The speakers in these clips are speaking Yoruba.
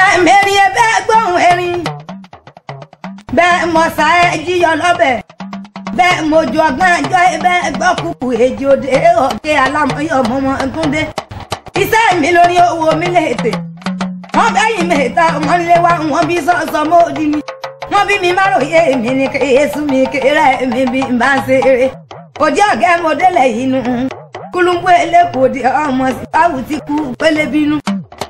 bẹ́ẹ̀ mẹ́rin ẹ bẹ́ẹ̀ gbóhùn erin bẹ́ẹ̀ mọ̀sá ẹ jíyọ lọ́bẹ̀ bẹ́ẹ̀ mojú ọgbọ́n ẹjọ́ ẹ bẹ́ẹ̀ gbọ́ Ise èjì òde ọ̀dẹ́ alámọ̀yọ̀ mọ́mọ́ gúndé iṣẹ́ mi lórí owó mi lè tè wọ́n bẹ́yìn mẹ́ta ọmọ nílé wa wọ́n bí sọ́sọ́ mọ́ mi wọ́n bí mi máròyé mi ní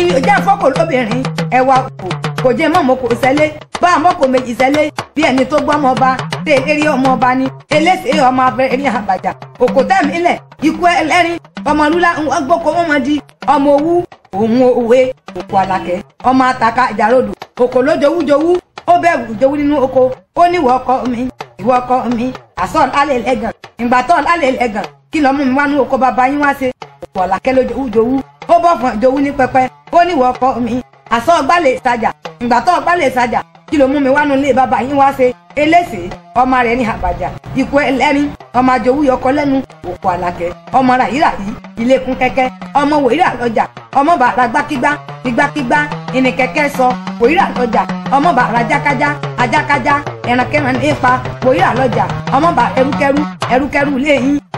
iye òjá fọ́kò lóbìnrin ẹ̀wà kò kò jẹ́ mọ́mọ́kò sẹ́lé bá mọ́kò méjì sẹ́lé bí ẹni tó gbọ́ ọmọọba tẹ eré ni eléṣèé ọmọ abẹ́rẹ́ àbàjá òkòtà mílẹ̀ ikú ẹlẹ́rìn ọmọlúlá ń gbóko ọmọdí ọmọ owú òun òwe òkú ọmọ ataka ìjàrodò òkò lójowújowú ó bẹ̀rù ìjowú nínú oko ó ní ìwọ ọkọ mi ọkọ mi àsọ̀ ó níwọ̀ ọkọ mi àsọ ọgbàlẹ̀ ìsajà ìgbà tó ọgbàlẹ̀ ìsajà kí ló mú mi wánú ilé bàbá yín wá ṣe eléṣe ọmọ rẹ̀ ní àbàjá ikú ẹlẹ́rìn ọmọ àjòwú yọkọ lẹ́nu òkú àlàkẹ́ ọmọ ràyírà yìí ilẹ̀kùn kẹ́kẹ́ ọmọ wòírà lọ́jà ọmọ bàrà gbákígbá gbígbákígbá ìní kẹ́kẹ́ sọ wòírà lọ́jà ọmọ bàrà jákájá ajákájá ẹ̀rànkẹ́ràn nípa wòírà lọ́jà ọmọ bàrà ẹrúkẹ́rú ẹrúkẹ́rú léyìn